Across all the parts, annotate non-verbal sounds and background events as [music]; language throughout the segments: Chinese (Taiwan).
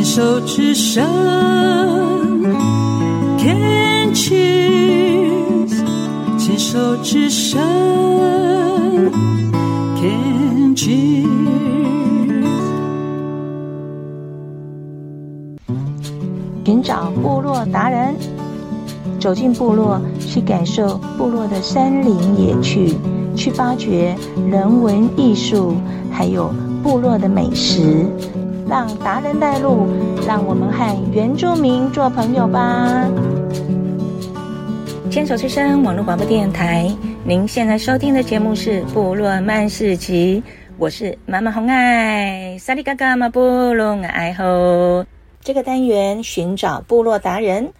牽手之聲，Can choose。牽手之聲，Can choose。尋找部落達人，走進部落，去感受部落的山林野趣，去發掘人文藝術，還有部落的美食。嗯讓達人帶路，讓我們和原住民做朋友吧。牽手之聲網絡廣播電台，您現在收聽的節目是《部落漫市集》，我是媽媽紅愛。薩利嘎嘎馬部隆愛吼。這個單元尋找部落達人，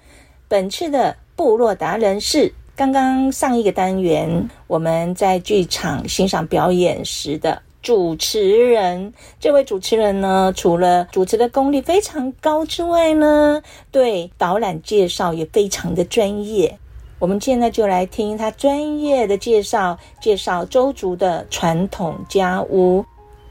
本次的部落達人是剛剛上一個單元我們在劇場欣賞表演時的。主持人，這位主持人呢，除了主持的功力非常高之外呢，對導覽介紹也非常的專業。我們現在就來聽他專業的介紹，介紹鄒族的傳統家屋。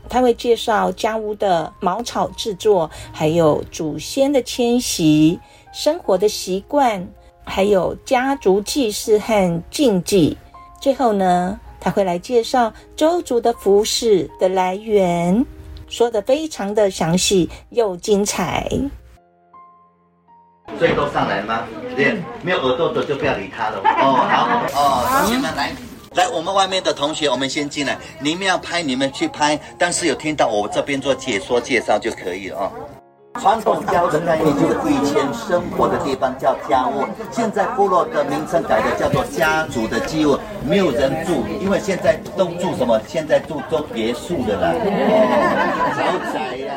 他會介紹家屋的茅草制作，還有祖先的遷徙、生活的習慣，還有家族祭祀和禁忌。最後呢，他會來介紹鄒族的服飾的來源，說得非常的詳細又精彩。最多上來嗎？對、嗯，沒有耳朵的就不要理他了。嗯、哦，好，哦，同學們來，來，我們外面的同學，我們先進來。你們要拍，你們去拍，但是有聽到我這邊做解說介紹就可以了。哦、嗯。傳統家屋的概念就是以前生活的地方叫家屋，現在部落的名稱改的叫做家族的祭屋，沒有人住，因為現在都住什麼？現在住都別墅的啦，豪宅呀。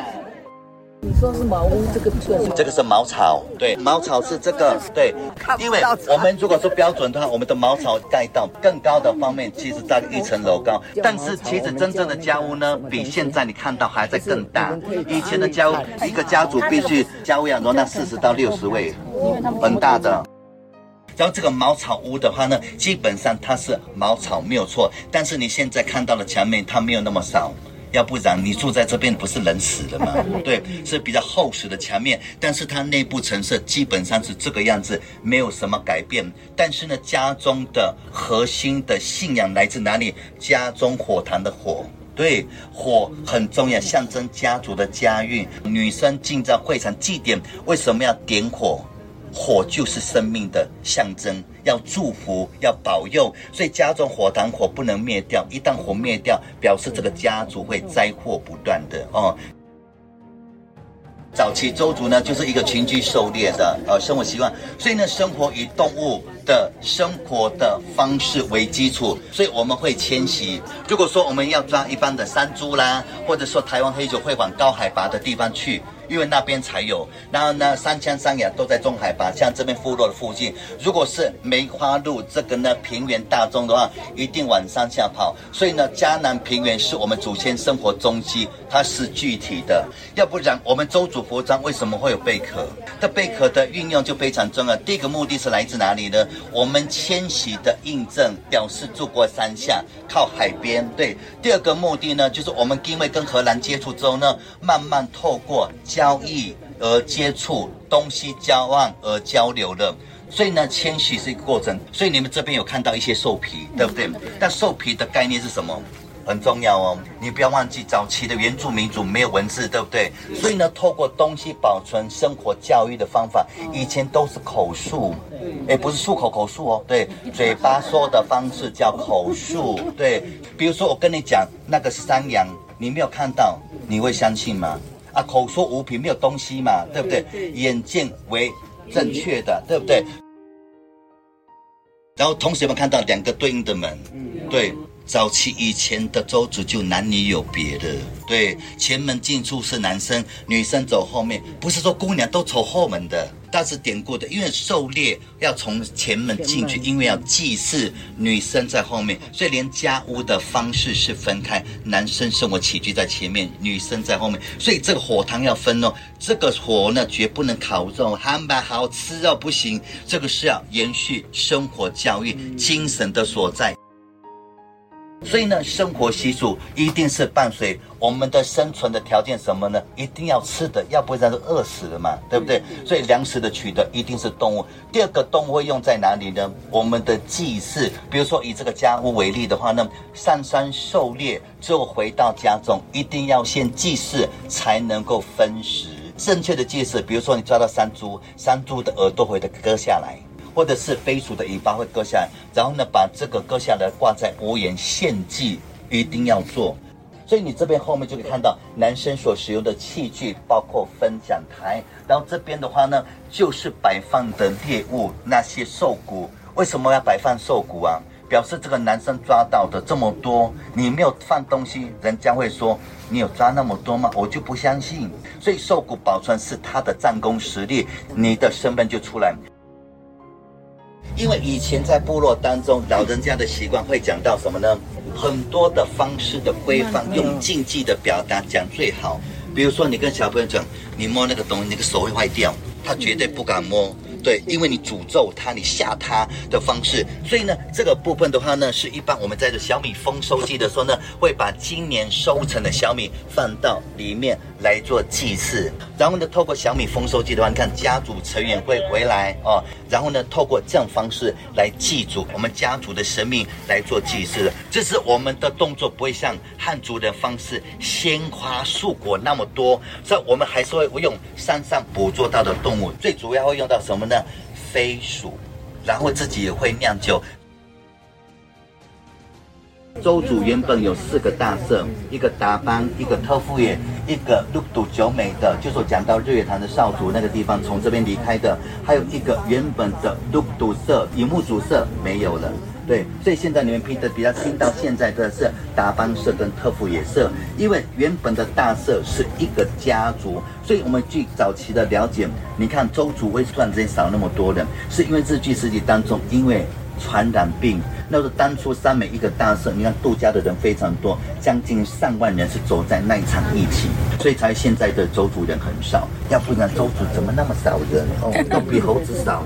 你說是茅屋，這個不算。這個是茅草，對，茅草是這個，對。因為我們如果說標準的話，我們的茅草蓋到更高的方面，其實到一層樓高。但是其實真正的家屋呢，比現在你看到還在更大。以前的家屋，一個家族必須家屋要容納四十到六十位。嗯，很大的。然後這個茅草屋的話呢，基本上它是茅草沒有錯，但是你現在看到的牆面它沒有那麼少。要不然你住在這邊不是冷死了嗎？對，是比較厚實的牆面，但是它內部陳設基本上是這個樣子，沒有什麼改變。但是呢，家中的核心的信仰來自哪裡？家中火塘的火，對，火很重要，象徵家族的家運。女生進到會場祭典，為什麼要點火？火就是生命的象徵，要祝福，要保佑，所以家中火塘火不能滅掉。一旦火滅掉，表示這個家族會災禍不斷的哦。早期鄒族呢，就是一個群居狩獵的呃生活習慣，所以呢，生活以動物的生活的方式為基礎，所以我們會遷徙。如果說我們要抓一般的山豬啦，或者說台灣黑熊，會往高海拔的地方去。因為那邊才有，然後呢，山羌山羊都在中海拔，像這邊部落的附近，如果是梅花鹿，這個呢平原大中的話，一定往山下跑。所以呢，嘉南平原是我們祖先生活中心，它是具體的。要不然，我們鄒族服裝為什麼會有貝殼？這貝殼的運用就非常重要。第一個目的是來自哪裡呢？我們遷徙的印證，表示住過山下，靠海邊。對，第二個目的呢，就是我們因為跟荷蘭接觸之後呢，慢慢透過。交易而接觸東西，交往而交流的，所以呢，遷徙是一個過程。所以你們這邊有看到一些獸皮，對不對？嗯嗯、那獸皮的概念是什麼？很重要哦，你不要忘記，早期的原住民族沒有文字，對不對？嗯、所以呢，透過東西保存生活教育的方法，嗯、以前都是口述，誒、欸，不是漱口口述哦，對，嗯、嘴巴說的方式叫口述。對，比如說我跟你講那個山羊，你沒有看到，你會相信嗎？啊，口說無憑，沒有東西嘛，對不對？對對對，眼見為正確的，對不對？對，然後同學們看到兩個對應的門，嗯、對，嗯、早期以前的鄒族就男女有別的，對，嗯、前門進出是男生，女生走後面，不是說姑娘都走後門的。但是典故的，因為狩獵要從前門進去，面因為要祭祀，女生在後面，所以連家屋的方式是分開，男生生活起居在前面，女生在後面，所以這個火塘要分哦，這個火呢絕不能烤肉，漢堡好吃肉，哦、不行，這個是要延續生活教育，嗯、精神的所在。所以呢，生活習俗一定是伴隨我們的生存的條件，什麼呢？一定要吃的，要不然就餓死了嘛，對不對？所以糧食的取得一定是動物。第二個動物會用在哪裡呢？我們的祭祀，比如說以這個家屋為例的話，那上山狩獵最後回到家中，一定要先祭祀才能夠分食。正確的祭祀，比如說你抓到山豬，山豬的耳朵會的割下來。或者是飛鼠的尾巴會割下來，然後呢，把這個割下來掛在屋檐獻祭，一定要做。所以你這邊後面就可以看到男生所使用的器具，包括分享台。然後這邊的話呢，就是擺放的獵物，那些獸骨。為什麼要擺放獸骨啊？表示這個男生抓到的這麼多，你沒有放東西，人家會說你有抓那麼多嗎？我就不相信。所以獸骨保存是他的戰功實力，你的身份就出來。因為以前在部落當中，老人家的習慣會講到什麼呢？很多的方式的規範，用禁忌的表達講最好。比如說，你跟小朋友講，你摸那個東西，那個手會壞掉，他絕對不敢摸。對，因為你詛咒他，你嚇他的方式。所以呢，這個部分的話呢，是一般我們在這小米豐收季的時候呢，會把今年收成的小米放到裡面，來做祭祀，然後呢，透過小米豐收季的話，你看家族成員會回來哦，然後呢，透過這種方式來祭祖，我們家族的神明來做祭祀。這是我們的動作，不會像漢族的方式，鮮花、素果那麼多。所以我們還是會用山上捕捉到的動物，最主要會用到什麼呢？飛鼠，然後自己也會釀酒。周族原本有四個大社，一個達邦，一個特富野，一個都都九美的，就說、是、講到日月潭的邵族那個地方從這邊離開的，還有一個原本的都都社、影木主社沒有了，對，所以現在你們拼的比較新到現在的是達邦社跟特富野社，因為原本的大社是一個家族，所以我們據早期的了解，你看周族為什麼突然間少了那麼多人，是因為日據時期當中因為。傳染病，那是、個、當初三美一個大社，你看度假的人非常多，將近上萬人是走在那一場疫情，所以才現在的鄒族人很少，要不然鄒族怎麼那麼少人哦，都比猴子少。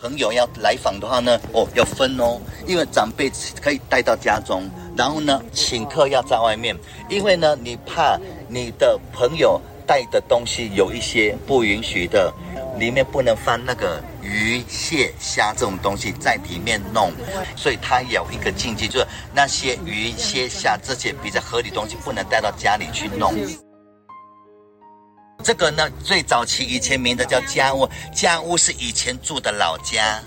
朋友要來訪的話呢，哦，要分哦，因為長輩可以帶到家中，然後呢，請客要在外面，因為呢，你怕你的朋友帶的東西有一些不允許的，裡面不能放那個。魚、蟹、蝦這種東西在裡面弄，所以它有一個禁忌，就是那些魚、蟹、蝦這些比較合理東西不能帶到家裡去弄。這個呢，最早期以前名字叫家屋，家屋是以前住的老家。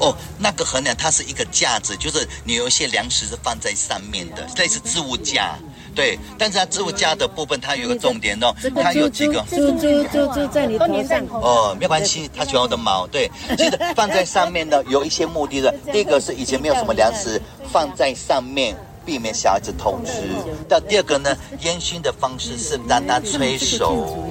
哦，那個橫樑它是一個架子，就是你有一些糧食是放在上面的，這是置物架。對，但是它置物架的部分，它有個重點哦，它有幾個，就就就就在你頭上哦，沒有關係，它全部的毛，對，對對其實放在上面呢， [laughs] 有一些目的的，第一個是以前沒有什麼糧食，啊、放在上面避免小孩子偷吃，那、啊、第二個呢，煙熏的方式是讓它催熟。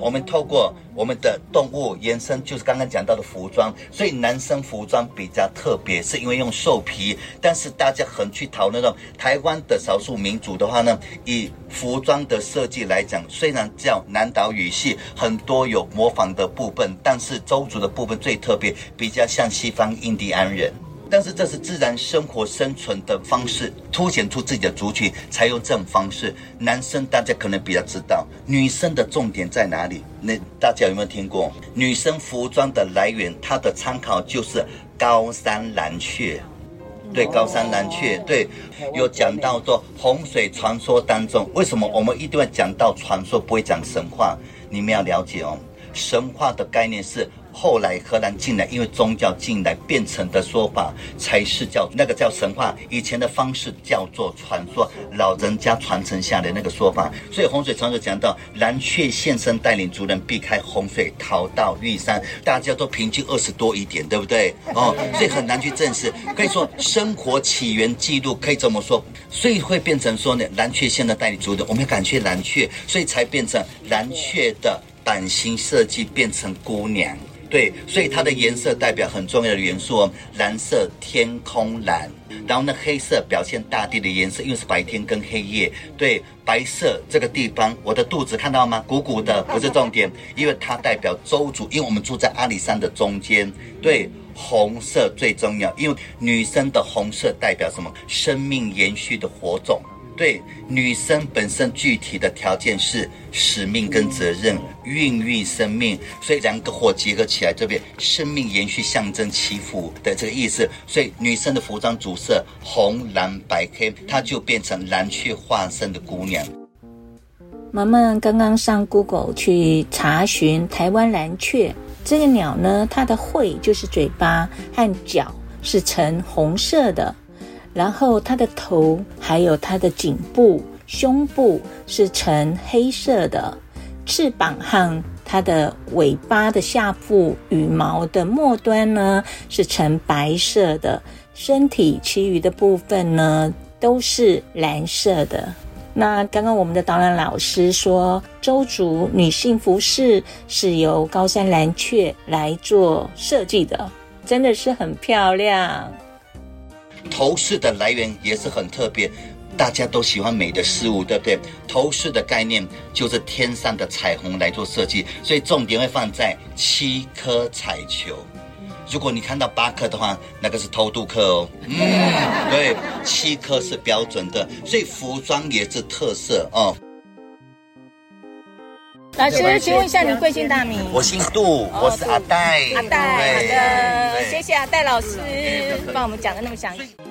我們透過我們的動物延伸，就是剛剛講到的服裝，所以男生服裝比較特別，是因為用獸皮。但是大家很去討論到，台灣的少數民族的話呢，以服裝的設計來講，雖然叫南島語系，很多有模仿的部分，但是鄒族的部分最特別，比較像西方印第安人。但是這是自然生活生存的方式，凸顯出自己的族群，才用這種方式。男生大家可能比較知道，女生的重點在哪裡？那大家有沒有聽過女生服裝的來源？它的參考就是高山藍雀。對，高山藍雀。對，有講到說洪水傳說當中，為什麼我們一定要講到傳說，不會講神話？你們要了解哦，神話的概念是。後來荷蘭進來，因為宗教進來變成的說法，才是叫那個叫神話。以前的方式叫做傳說，老人家傳承下來那個說法。所以洪水傳說講到藍雀現身，帶領族人避開洪水，逃到玉山，大家都平均二十多一點，對不對？哦，所以很難去證實。可以說生活起源記錄可以這麼說，所以會變成說呢，藍雀現身帶領族人，我們要感謝藍雀，所以才變成藍雀的版型設計變成姑娘。對，所以它的顏色代表很重要的元素哦，藍色天空藍，然後呢，黑色表現大地的顏色，因為是白天跟黑夜。對，白色這個地方，我的肚子看到嗎？鼓鼓的不是重點，因為它代表鄒族，因為我們住在阿里山的中間。對，紅色最重要，因為女生的紅色代表什麼？生命延續的火種。對，女生本身具體的條件是使命跟責任，孕育生命，所以兩個火結合起來，這邊生命延續象徵祈福的這個意思。所以女生的服裝主色紅、藍、白、黑，它就變成藍雀化身的姑娘。萌萌剛剛上 Google 去查詢台灣藍雀這個鳥呢，它的喙就是嘴巴和腳是呈紅色的。然後它的頭、還有它的頸部、胸部是呈黑色的，翅膀和它的尾巴的下腹羽毛的末端呢是呈白色的，身體其餘的部分呢都是藍色的。那剛剛我們的導覽老師說，鄒族女性服飾是由高山藍雀來做設計的，真的是很漂亮。頭飾的來源也是很特別，大家都喜歡美的事物，對不對？頭飾的概念就是天上的彩虹來做設計，所以重點會放在七顆彩球。如果你看到八顆的話，那個是偷渡客哦。嗯，對，七顆是標準的，所以服裝也是特色哦。老師，請問一下，您貴姓大名？我姓杜，我是阿戴。哦、阿戴，好的，嗯、謝謝阿戴老師，幫我們講得那麼詳細。